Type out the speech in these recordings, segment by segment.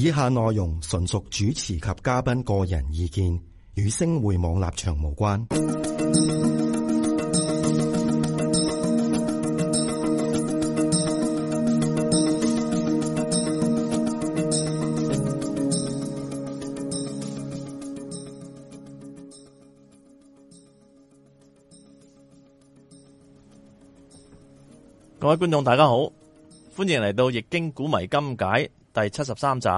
以下內容純屬主持及嘉賓個人意見，與星匯網立場無關。各位觀眾，大家好，歡迎嚟到《易經古謎今解》第七十三集。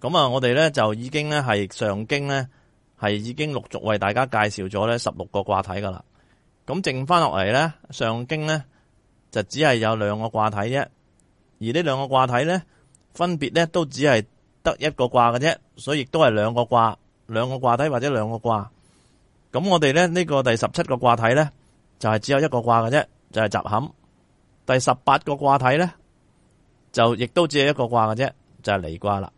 咁啊，我哋咧就已經咧係上經，咧係已經陸續為大家介紹咗咧十六個卦體噶啦。咁剩翻落嚟咧上經，咧就只係有兩個卦體啫。而呢兩個卦體咧分別咧都只係得一個卦嘅啫，所以亦都係兩個卦，兩個卦體或者兩個卦。咁我哋咧呢個第十七個卦體咧就係只有一個卦嘅啫，就係習坎。第十八個卦體咧就亦都只係一個卦嘅啫，就係、是、離卦啦。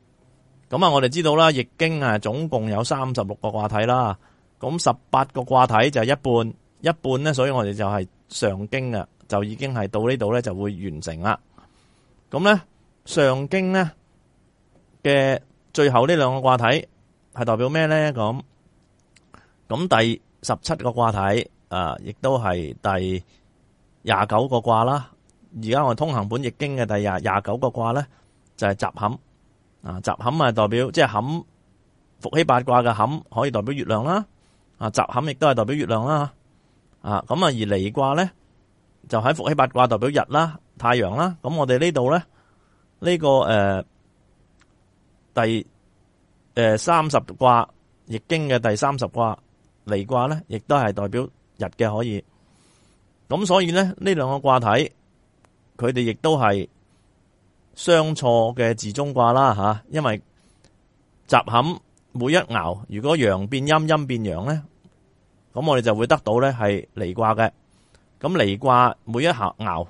咁啊，我哋知道啦，《易經》啊，總共有三十六個卦體啦。咁十八個卦體就係一半，一半咧，所以我哋就係上經啊，就已經係到呢度咧，就會完成啦。咁咧，上經咧嘅最後呢兩個卦體係代表咩咧？咁咁第十七個卦體啊，亦都係第廿九個卦啦。而家我哋通行本《易經》嘅第廿廿九個卦咧，就係習坎。啊，習坎係代表即係，坎，伏羲八卦嘅坎，可以代表月亮啦。啊，習坎亦都係代表月亮啦。啊，咁啊，而離卦咧就喺伏羲八卦代表日啦、太陽啦。咁我哋呢度咧呢個誒、呃、第誒、呃、三十卦易經嘅第三十卦離卦咧，亦都係代表日嘅可以。咁所以咧呢這兩個卦體，佢哋亦都係。相錯嘅自綜卦啦吓，因為習坎每一爻，如果陽變陰，陰，陰，陰，陰陽，陰變陽咧，咁我哋就會得到咧係離卦嘅。咁離卦每一下爻，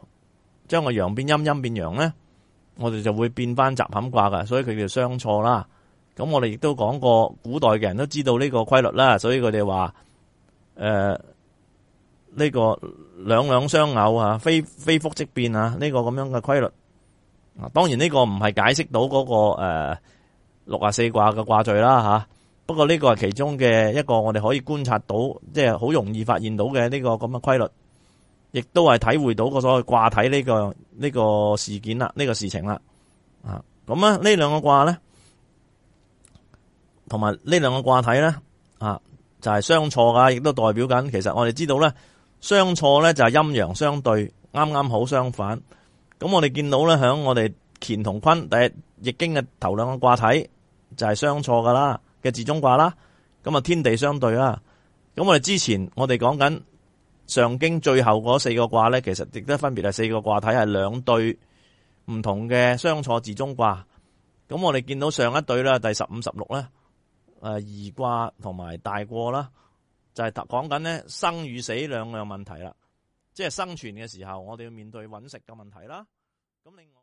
將個陽變陰，陰變陽咧，我哋就會變翻習坎卦噶。所以佢叫相錯啦。咁我哋亦都講過，古代嘅人都知道呢個規律啦。所以佢哋話，誒、呃、呢、這個兩兩相偶，啊，非非覆即變啊，呢、這個咁樣嘅規律。當然呢個唔係解釋到嗰個誒六啊四卦嘅卦序啦吓，不過呢個係其中嘅一個我哋可以觀察到，即係好容易發現到嘅呢個咁嘅規律，亦都係體會到個所謂卦體呢、呢個呢、呢個事件啦，呢、呢個事情啦，啊，咁啊呢兩個卦咧，同埋呢兩個卦體咧，啊就係、係、相錯噶，亦都代表緊其實我哋知道咧，相錯咧就係陰陽相對，啱啱好相反。咁我哋見到咧，響我哋乾同坤第一易經嘅頭兩個卦體就係、是、相錯噶啦嘅自中卦啦。咁啊天地相對啦。咁我哋之前我哋講緊上經最後嗰四個卦咧，其實亦都分別係四個卦體係兩對唔同嘅相錯自中卦。咁我哋見到上一對啦，第十五、十六咧，誒頤卦同埋大過啦，就係講緊咧生與死兩樣問題啦。即係生存嘅時候，我哋要面對搵食嘅問題啦。咁另外，